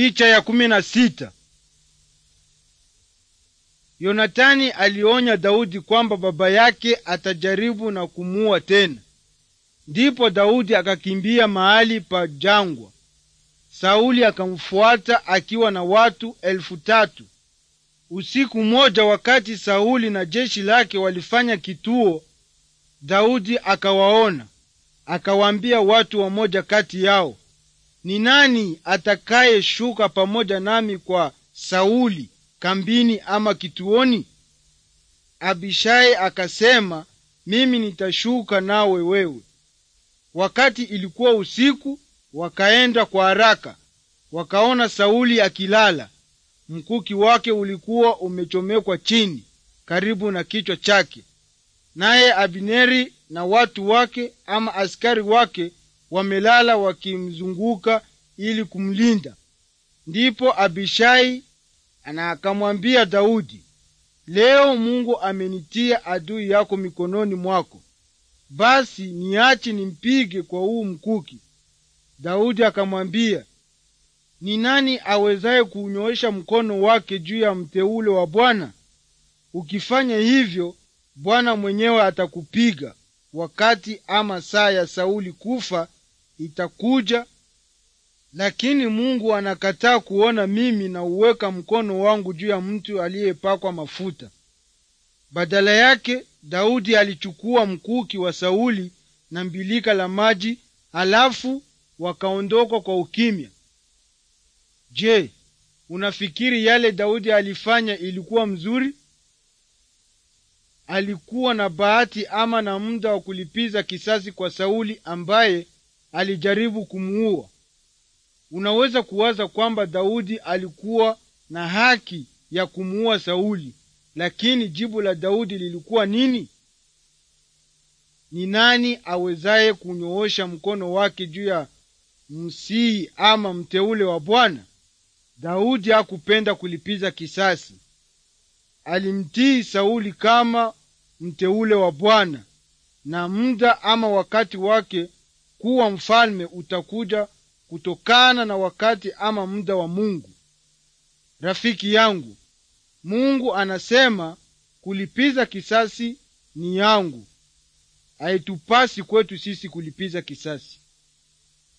Picha ya kumi na sita. Yonatani alionya Daudi kwamba baba yake atajaribu na kumuua tena. Ndipo Daudi akakimbia mahali pa jangwa. Sauli akamfuata akiwa na watu elfu tatu. Usiku mmoja, wakati Sauli na jeshi lake walifanya kituo, Daudi akawaona, akawaambia watu wamoja kati yao, ni nani atakayeshuka pamoja nami kwa Sauli kambini ama kituoni? Abishai akasema, mimi nitashuka nawe wewe. Wakati ilikuwa usiku, wakaenda kwa haraka, wakaona Sauli akilala, mkuki wake ulikuwa umechomekwa chini karibu na kichwa chake, naye Abineri na watu wake ama askari wake wamelala wakimzunguka ili kumlinda. Ndipo Abishai na akamwambia Daudi, leo Mungu amenitia adui yako mikononi mwako, basi niache nimpige kwa huu mkuki. Daudi akamwambia, ni nani awezaye kuunyoosha mkono wake juu ya mteule wa Bwana? Ukifanya hivyo, Bwana mwenyewe atakupiga wakati ama saa ya Sauli kufa itakuja, lakini Mungu anakataa kuona mimi nauweka mkono wangu juu ya mtu aliyepakwa mafuta. Badala yake Daudi alichukua mkuki wa Sauli na mbilika la maji, halafu wakaondoka kwa ukimya. Je, unafikiri yale Daudi alifanya ilikuwa mzuri? Alikuwa na bahati ama na muda wa kulipiza kisasi kwa Sauli ambaye alijaribu kumuua. Unaweza kuwaza kwamba Daudi alikuwa na haki ya kumuua Sauli, lakini jibu la Daudi lilikuwa nini? Ni nani awezaye kunyoosha mkono wake juu ya msii ama mteule wa Bwana? Daudi hakupenda kulipiza kisasi. Alimtii Sauli kama mteule wa Bwana, na muda ama wakati wake kuwa mfalme utakuja kutokana na wakati ama muda wa Mungu. Rafiki yangu, Mungu anasema kulipiza kisasi ni yangu, haitupasi kwetu sisi kulipiza kisasi.